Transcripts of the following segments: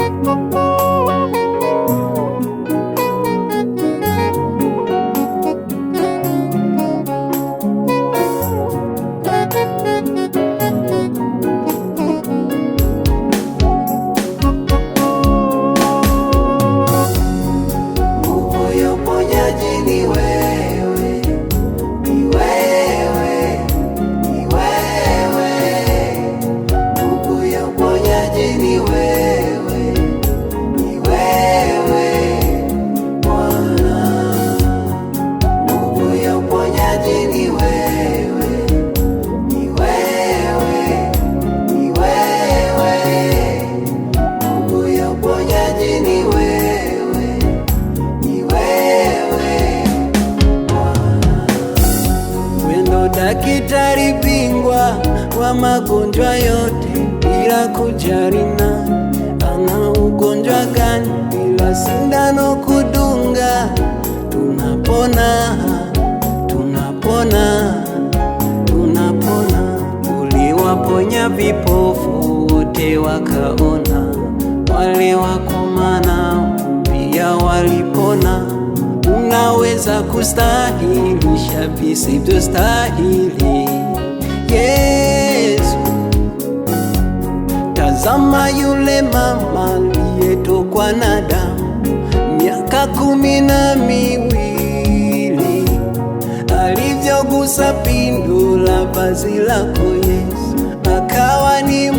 you. Daktari bingwa wa magonjwa yote bila kujali na ana ugonjwa gani, bila sindano kudunga, tunapona tunapona tunapona. Uliwaponya vipofu wote wakaona, wale wako Yaweza kustahilisha visivyostahili. Yesu, tazama yule mama aliyetokwa na damu miaka kumi na miwili, alivyogusa pindo la vazi lako Yesu, akawa ni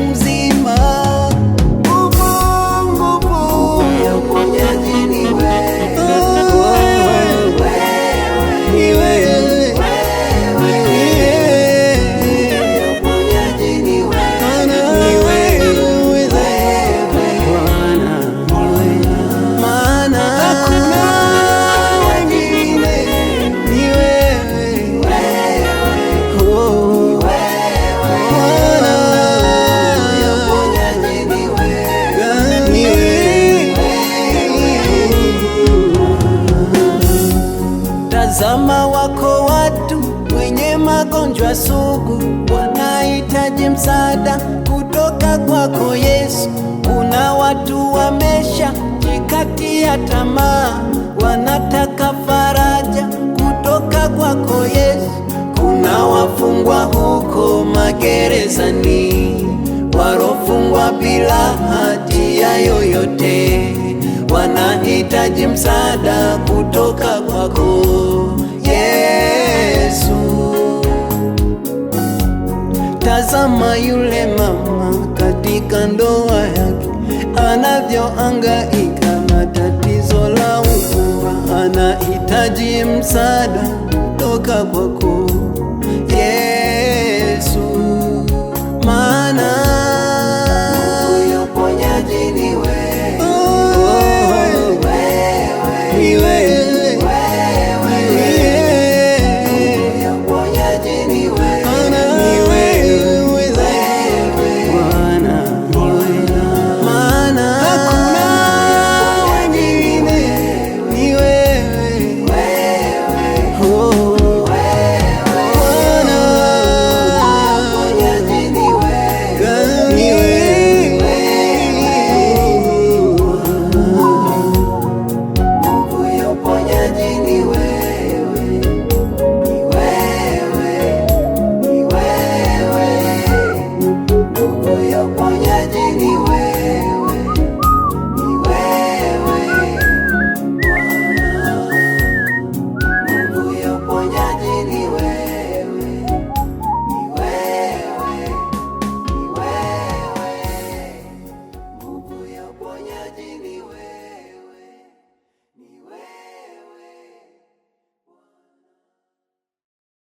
Tazama, wako watu wenye magonjwa sugu, wanahitaji msaada kutoka kwako Yesu. Kuna watu wamesha ya tamaa, wanataka faraja kutoka kwako Yesu. Kuna wafungwa huko magerezani, warofungwa bila hatia yoyote, wanahitaji msaada kutoka kwako Tazama yule mama katika ndoa yake anavyoangaika na tatizo la ukua, anahitaji msaada toka kwako. uponyaji